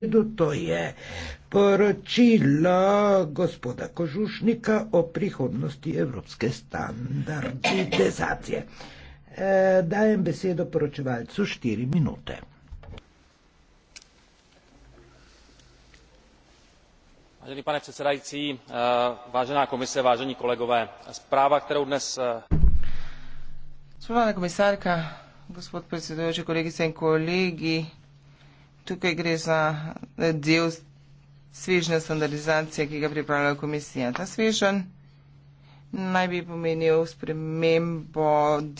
redu, to je poročilo gospoda Kožušnika o prihodnosti evropske standardizacije. E, dajem besedo poročevalcu štiri minute. Vážený pane předsedající, e, vážená komise, vážení kolegové, zpráva, kterou dnes. E, Spolána komisárka, gospod predsedujoči, kolegice in kolegi, Tukaj gre za eh, del svežne standardizacije, ki ga pripravlja komisija. Ta svežen naj bi pomenil spremembo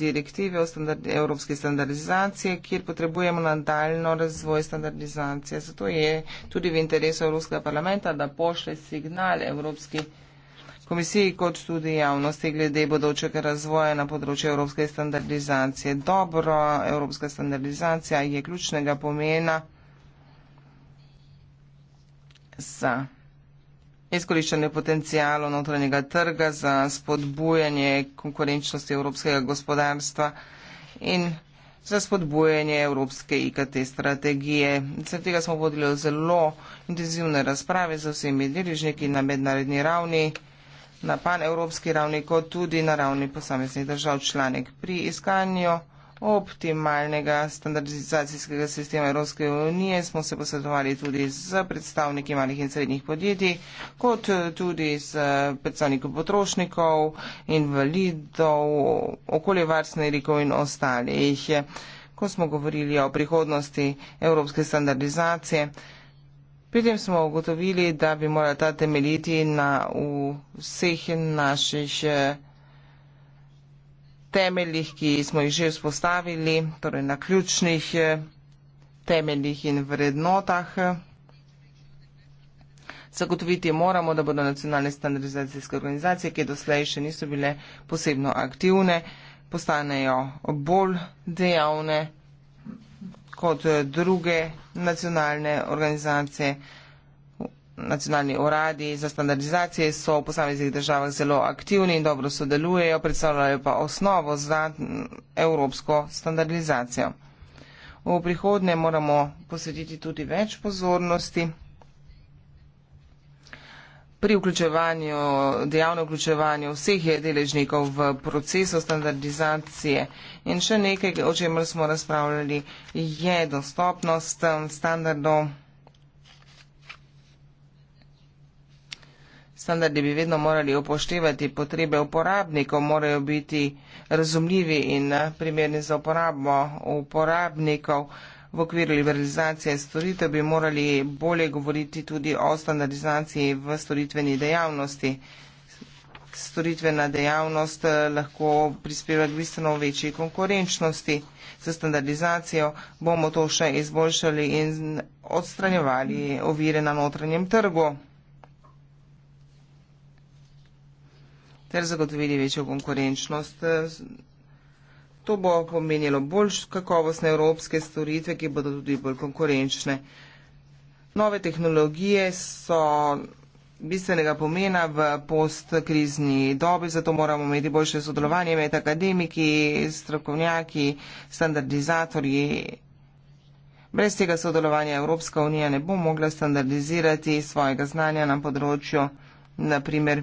direktive o standard, evropski standardizaciji, kjer potrebujemo nadaljno razvoj standardizacije. Zato je tudi v interesu Evropskega parlamenta, da pošle signal Evropski komisiji kot tudi javnosti glede bodočega razvoja na področju evropske standardizacije. Dobro, evropska standardizacija je ključnega pomena za izkoriščanje potencijalov notranjega trga, za spodbujanje konkurenčnosti evropskega gospodarstva in za spodbujanje evropske IKT strategije. Zaradi tega smo vodili zelo intenzivne razprave z vsemi deležniki na mednarodni ravni, na pan-evropski ravni, kot tudi na ravni posameznih držav članek pri iskanju optimalnega standardizacijskega sistema Evropske unije. Smo se posvetovali tudi z predstavniki malih in srednjih podjetij, kot tudi z predstavniki potrošnikov, invalidov, okoljevarstvenikov in ostalih. Ko smo govorili o prihodnosti evropske standardizacije, pri tem smo ugotovili, da bi morala ta temeljiti na vseh naših temeljih, ki smo jih že vzpostavili, torej na ključnih eh, temeljih in vrednotah. Zagotoviti moramo, da bodo nacionalne standardizacijske organizacije, ki doslej še niso bile posebno aktivne, postanejo bolj dejavne kot eh, druge nacionalne organizacije, nacionalni uradi za standardizacije so v posameznih državah zelo aktivni in dobro sodelujejo, predstavljajo pa osnovo za evropsko standardizacijo. V prihodnje moramo posvetiti tudi več pozornosti pri vključevanju, dejavno vključevanju vseh deležnikov v procesu standardizacije. In še nekaj, o čemer smo razpravljali, je dostopnost standardov Standardi bi vedno morali upoštevati potrebe uporabnikov, morajo biti razumljivi in eh, primerni za uporabo uporabnikov. V okviru liberalizacije storitev bi morali bolje govoriti tudi o standardizaciji v storitveni dejavnosti. Storitvena dejavnost eh, lahko prispeva k bistveno večji konkurenčnosti. Z standardizacijo bomo to še izboljšali in odstranjevali ovire na notranjem trgu. ter zagotovili večjo konkurenčnost. To bo pomenilo bolj kakovostne evropske storitve, ki bodo tudi bolj konkurenčne. Nove tehnologije so bistvenega pomena v postkrizni dobi, zato moramo imeti boljše sodelovanje med akademiki, strokovnjaki, standardizatorji. Brez tega sodelovanja Evropska unija ne bo mogla standardizirati svojega znanja na področju, naprimer,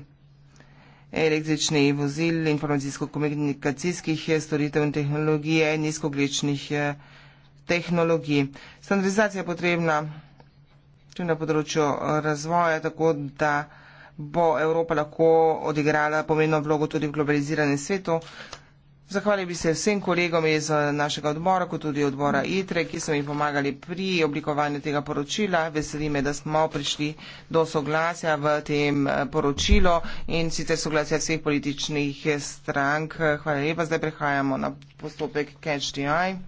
električnih vozil, informacijsko-komunikacijskih storitev in tehnologije, nizkogličnih eh, tehnologij. Standardizacija je potrebna tudi na področju eh, razvoja, tako da bo Evropa lahko odigrala pomembno vlogo tudi v globaliziranem svetu. Zahvalil bi se vsem kolegom iz eh, našega odbora, kot tudi odbora ITRE, ki so mi pomagali pri oblikovanju tega poročila. Veseli me, da smo prišli do soglasja v tem eh, poročilu in sicer soglasja vseh političnih eh, strank. Hvala lepa, zdaj prehajamo na postopek Catch the Eye.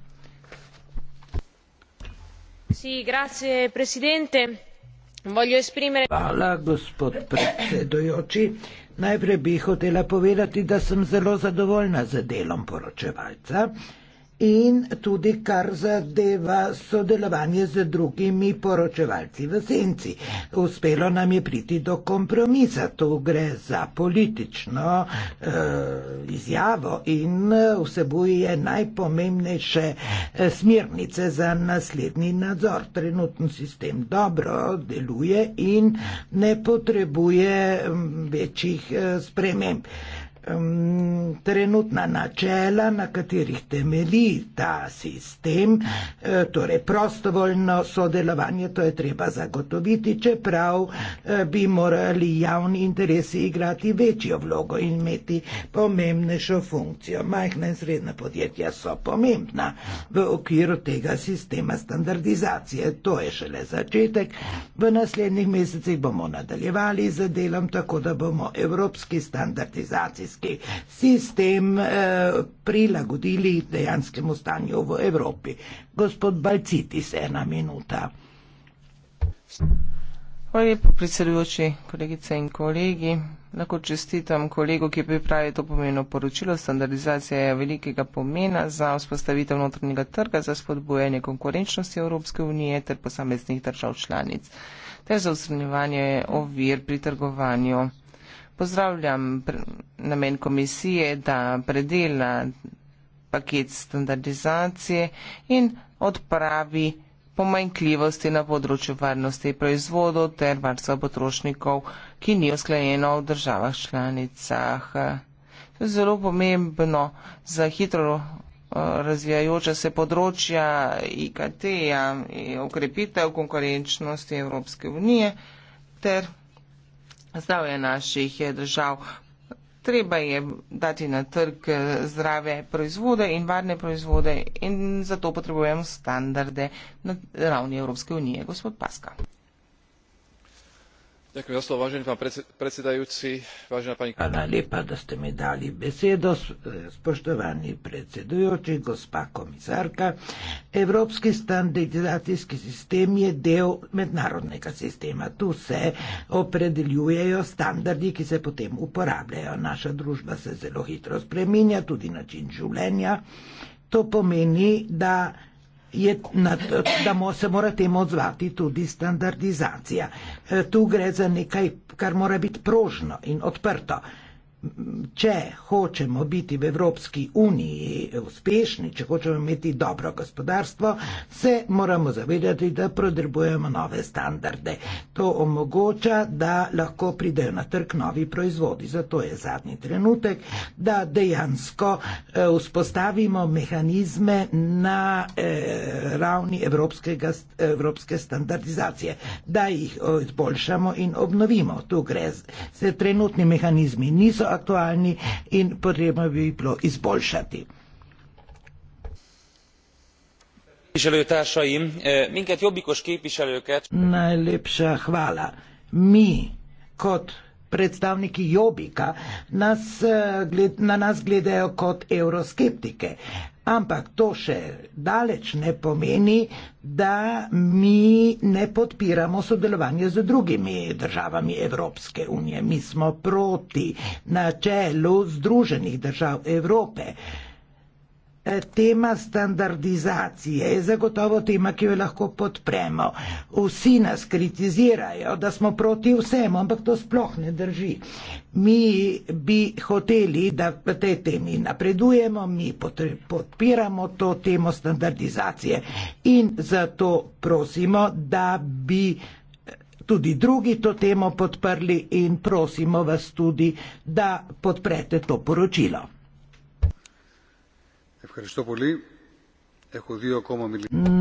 Sì, grazie Presidente. Voglio esprimere... Hvala, gospod predsedujoči. Najprej bi hotela povedati, da sem zelo zadovoljna z delom poročevalca in tudi kar zadeva sodelovanje z drugimi poročevalci v senci. Uspelo nam je priti do kompromisa, tu gre za politično eh, izjavo in eh, vsebuje najpomembnejše eh, smernice za naslednji nadzor. Trenuten sistem dobro deluje in ne potrebuje mm, večjih eh, sprememb. Eh, um, trenutna načela, na katerih temeli ta sistem, uh, torej prostovoljno sodelovanje, to je treba zagotoviti, čeprav uh, bi morali javni interesi igrati večjo vlogo in imeti pomembnejšo funkcijo. Majhna in srednja podjetja so pomembna v okviru tega sistema standardizacije. To je šele začetek. V naslednjih mesecih bomo nadaljevali z delom, tako da bomo evropski standardizacijski energetski sistem eh, prilagodili dejanskemu stanju v Evropi. Gospod Balcitis, ena minuta. Hvala lepo, predsedujoči, kolegice in kolegi. Lahko čestitam kolegu, ki je pripravil to pomeno poročilo. Standardizacija je velikega pomena za vzpostavitev notranjega trga, za spodbojanje konkurenčnosti Evropske unije ter posameznih držav članic ter za ustranjevanje ovir pri trgovanju. Pozdravljam namen komisije, da predela paket standardizacije in odpravi pomanjkljivosti na področju varnosti proizvodov ter varstva potrošnikov, ki ni usklajeno v državah članicah. To je zelo pomembno za hitro eh, razvijajoče se področja IKT-ja, ukrepitev eh, konkurenčnosti Evropske unije ter zdravje naših eh, držav. Treba je dati na trg eh, zdrave proizvode in varne proizvode in zato potrebujemo standarde na ravni Evropske unije. Gospod Paska. Hvala lepa, da ste mi dali besedo, spoštovani predsedujoči, gospa komisarka. Evropski standardizacijski sistem je del mednarodnega sistema. Tu se opredeljujejo standardi, ki se potem uporabljajo. Naša družba se zelo hitro spreminja, tudi način življenja. To pomeni, da je, to, da mo, se mora temu odzvati tudi standardizacija. E, tu gre za nekaj, kar mora biti prožno in odprto. Če hočemo biti v Evropski uniji uspešni, če hočemo imeti dobro gospodarstvo, se moramo zavedati, da potrebujemo nove standarde. To omogoča, da lahko pridejo na trg novi proizvodi. Zato je zadnji trenutek, da dejansko eh, vzpostavimo mehanizme na eh, ravni evropske standardizacije, da jih eh, izboljšamo in obnovimo. Tu gre. Se trenutni mehanizmi niso aktualni in potrebno bi jih bilo izboljšati. Eh, Najlepša hvala. Mi kot predstavniki jobika nas, eh, na nas gledajo kot euroskeptike. Ampak to še daleč ne pomeni, da mi ne podpiramo sodelovanje z drugimi državami Evropske unije. Mi smo proti načelu Združenih držav Evrope. Tema standardizacije je zagotovo tema, ki jo lahko podpremo. Vsi nas kritizirajo, da smo proti vsemu, ampak to sploh ne drži. Mi bi hoteli, da v tej temi napredujemo, mi podpiramo to temo standardizacije in zato prosimo, da bi eh, tudi drugi to temo podprli in prosimo vas tudi, da podprete to poročilo.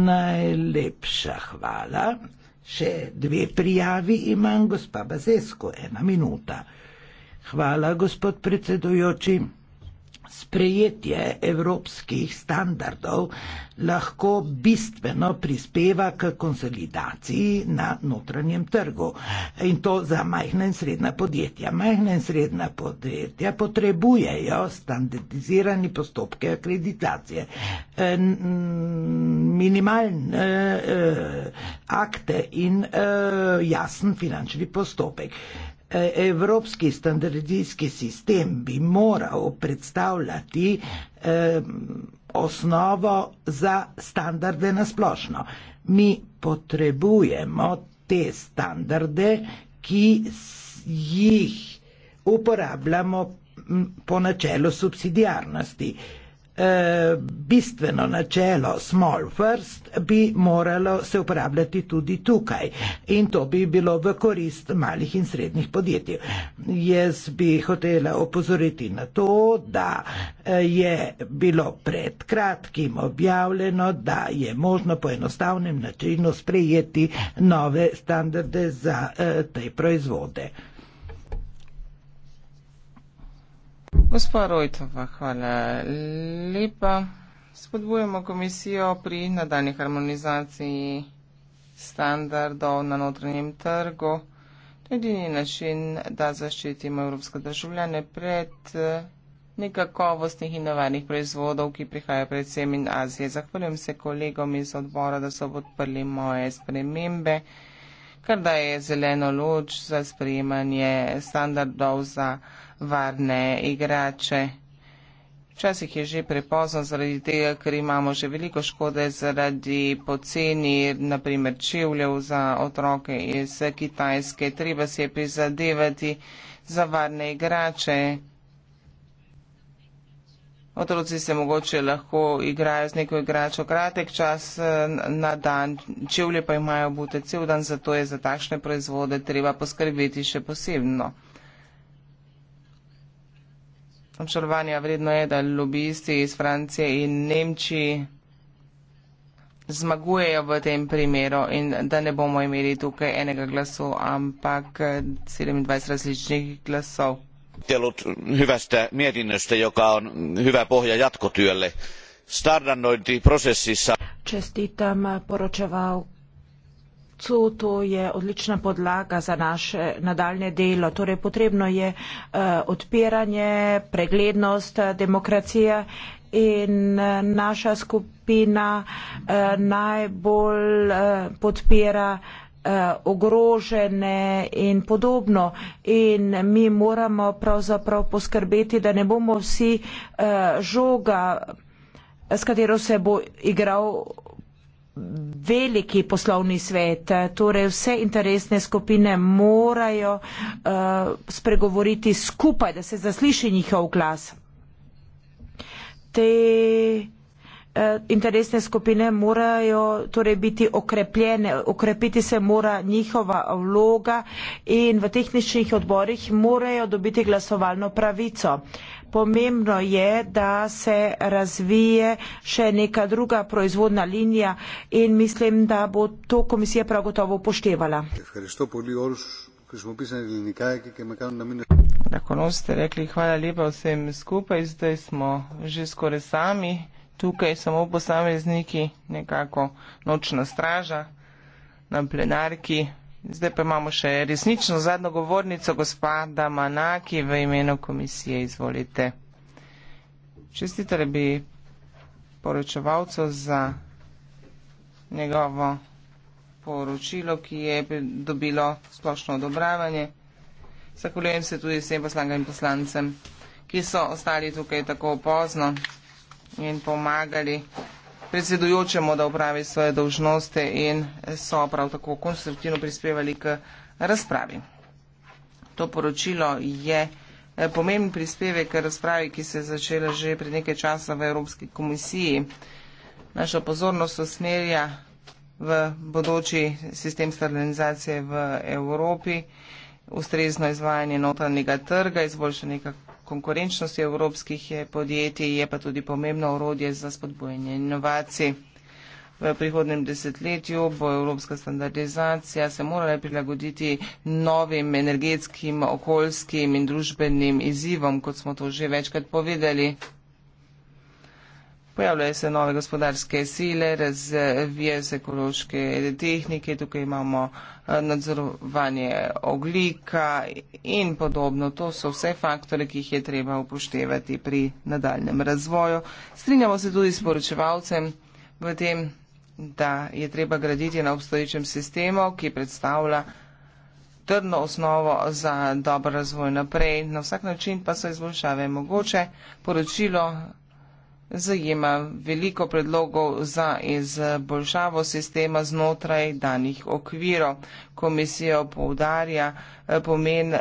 Najlepša hvala. Še dve prijavi imam, gospa Bazesko, ena minuta. Hvala, gospod predsedujoči. Sprejetje evropskih standardov lahko bistveno prispeva k konsolidaciji na notranjem trgu in to za majhna in srednja podjetja. Majhna in srednja podjetja potrebujejo standardizirani postopke akreditacije, e, minimalne e, e, akte in jasen finančni postopek. E, evropski standardijski sistem bi moral predstavljati eh, osnovo za standarde na splošno. Mi potrebujemo te standarde, ki jih uporabljamo po načelu subsidijarnosti. Eh, bistveno načelo small first bi moralo se uporabljati tudi tukaj in to bi bilo v korist malih in srednjih podjetij. Jaz bi hotela opozoriti na to, da eh, je bilo pred kratkim objavljeno, da je možno po enostavnem načinu sprejeti nove standarde za eh, te proizvode. Gospa Rojtova, hvala lepa. Spodbujamo komisijo pri nadaljni harmonizaciji standardov na notranjem trgu. To je edini način, da zaščitimo evropske državljane pred eh, nekakovostnih in nevarnih proizvodov, ki prihajajo predvsem in Azije. Zahvaljujem se kolegom iz odbora, da so podprli moje spremembe ker daje zeleno luč za sprejemanje standardov za varne igrače. Včasih je že prepozno zaradi tega, ker imamo že veliko škode zaradi poceni, naprimer čevljev za otroke iz Kitajske. Treba se je prizadevati za varne igrače, Otroci se mogoče lahko igrajo z neko igračo kratek čas eh, na dan, čevlje pa imajo bute cel dan, zato je za takšne proizvode treba poskrbeti še posebno. Obžalovanja vredno je, da lobisti iz Francije in Nemčiji zmagujejo v tem primeru in da ne bomo imeli tukaj enega glasu, ampak 27 eh, različnih glasov onnittelut hyvästä mietinnöstä joka on hyvä pohja jatkotyölle. standardointiprosessissa. čestitam poročevalcu. To je odlična podlaga za naše nadaljne delo. Torej, potrebno je uh, odpiranje, preglednost, eh, demokracija in eh, naša skupina uh, najbolj uh, podpira uh, eh, ogrožene in podobno. In mi moramo pravzaprav poskrbeti, da ne bomo vsi eh, žoga, s katero se bo igral veliki poslovni svet. Torej vse interesne skupine morajo eh, spregovoriti skupaj, da se zasliši njihov glas. Te Eh, interesne skupine morajo torej biti okrepljene, okrepiti se mora njihova vloga in v tehničnih odborih morajo dobiti glasovalno pravico. Pomembno je, da se razvije še neka druga proizvodna linija in mislim, da bo to komisija prav gotovo upoštevala. Na koncu ste rekli hvala lepa vsem skupaj, zdaj smo že skoraj sami tukaj samo posamezniki, nekako nočna straža na plenarki. Zdaj pa imamo še resnično zadnjo govornico, gospa Damanaki, v imenu komisije. Izvolite. Čestitele bi poročevalcu za njegovo poročilo, ki je dobilo splošno odobravanje. Zahvaljujem se tudi vsem poslankam in poslancem, ki so ostali tukaj tako pozno in pomagali predsedujočemu, da upravi svoje dolžnosti in so prav tako konstruktivno prispevali k razpravi. To poročilo je eh, pomemben prispevek k razpravi, ki se je začela že pred nekaj časa v Evropski komisiji. Naša pozornost usmerja v bodoči sistem sterilizacije v Evropi, ustrezno izvajanje notranjega trga, izboljšanje konkurenčnosti evropskih eh, podjetij, je pa tudi pomembno orodje za spodbojanje inovacij. V prihodnem desetletju bo evropska standardizacija se morala prilagoditi novim energetskim, okoljskim in družbenim izzivom, kot smo to že večkrat povedali. Pojavljajo se nove gospodarske sile, razvijajo se ekološke tehnike, tukaj imamo eh, nadzorovanje oglika in podobno. To so vse faktore, ki jih je treba upoštevati pri nadaljem razvoju. Strinjamo se tudi s poročevalcem v tem, da je treba graditi na obstoječem sistemu, ki predstavlja trdno osnovo za dober razvoj naprej. Na vsak način pa so izboljšave mogoče. Poročilo zajema veliko predlogov za izboljšavo sistema znotraj danih okvirov. Komisija poudarja eh, pomen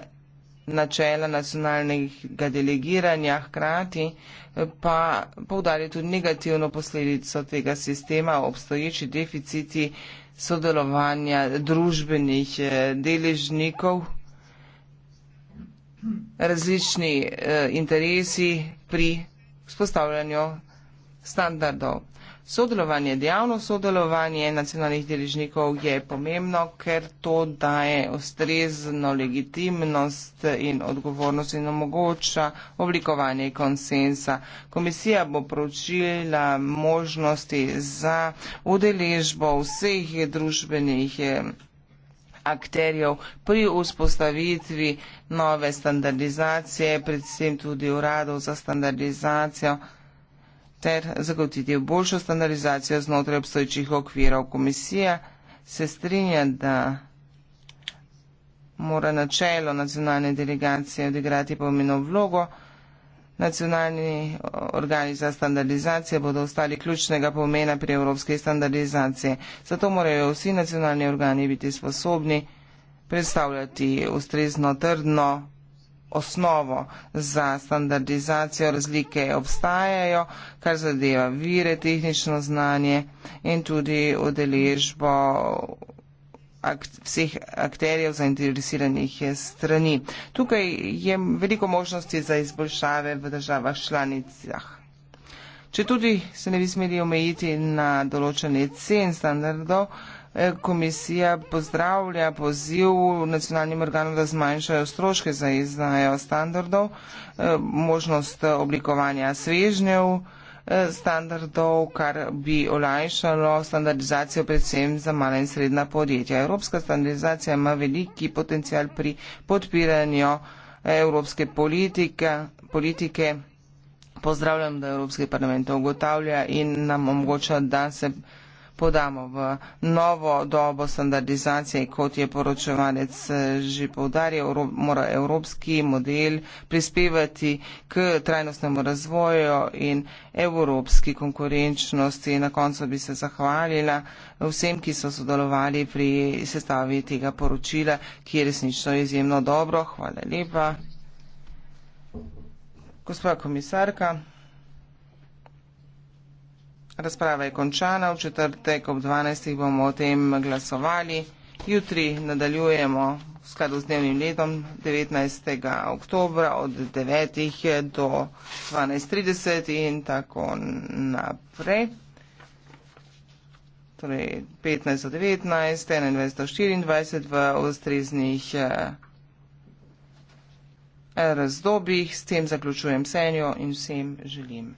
načela nacionalnega delegiranja hkrati, eh, pa poudarja tudi negativno posledico tega sistema, obstoječi deficiti sodelovanja družbenih eh, deležnikov, različni interesi pri vzpostavljanju standardov. Sodelovanje, dejavno sodelovanje nacionalnih deležnikov je pomembno, ker to daje ustrezno legitimnost in odgovornost in omogoča oblikovanje konsensa. Komisija bo pročila možnosti za udeležbo vseh družbenih akterjev pri vzpostavitvi nove standardizacije, predvsem tudi uradov za standardizacijo ter zagotiti boljšo standardizacijo znotraj obstoječih okvirov. Komisija se strinja, da mora načelo nacionalne delegacije odigrati pomeno vlogo, Nacionalni eh, organi za standardizacijo bodo ostali ključnega pomena pri evropski standardizaciji. Zato morajo vsi nacionalni organi biti sposobni predstavljati ustrezno trdno osnovo za standardizacijo. Razlike obstajajo, kar zadeva vire, tehnično znanje in tudi udeležbo akt, vseh akterjev zainteresiranih eh, strani. Tukaj je veliko možnosti za izboljšave v državah članicah. Če tudi se ne bi smeli omejiti na določene cen standardov, eh, komisija pozdravlja poziv nacionalnim organom, da zmanjšajo stroške za izdajo standardov, eh, možnost oblikovanja svežnjev, standardov, kar bi olajšalo standardizacijo predvsem za mala in srednja podjetja. Evropska standardizacija ima veliki potencial pri podpiranju evropske politike. politike. Pozdravljam, da Evropski parlament to ugotavlja in nam omogoča, da se podamo v novo dobo standardizacije, kot je poročevalec eh, že povdarjal, mora evropski model prispevati k trajnostnemu razvoju in evropski konkurenčnosti. Na koncu bi se zahvalila vsem, ki so sodelovali pri sestavi tega poročila, ki je resnično izjemno dobro. Hvala lepa. Gospod komisarka. Razprava je končana, v četrtek ob 12. bomo o tem glasovali. Jutri nadaljujemo v skladu z dnevnim letom 19. oktobra od 9. do 12.30 in tako naprej. Torej 15. do 19. 21. do 24. v ustreznih eh, razdobjih. S tem zaključujem senjo in vsem želim.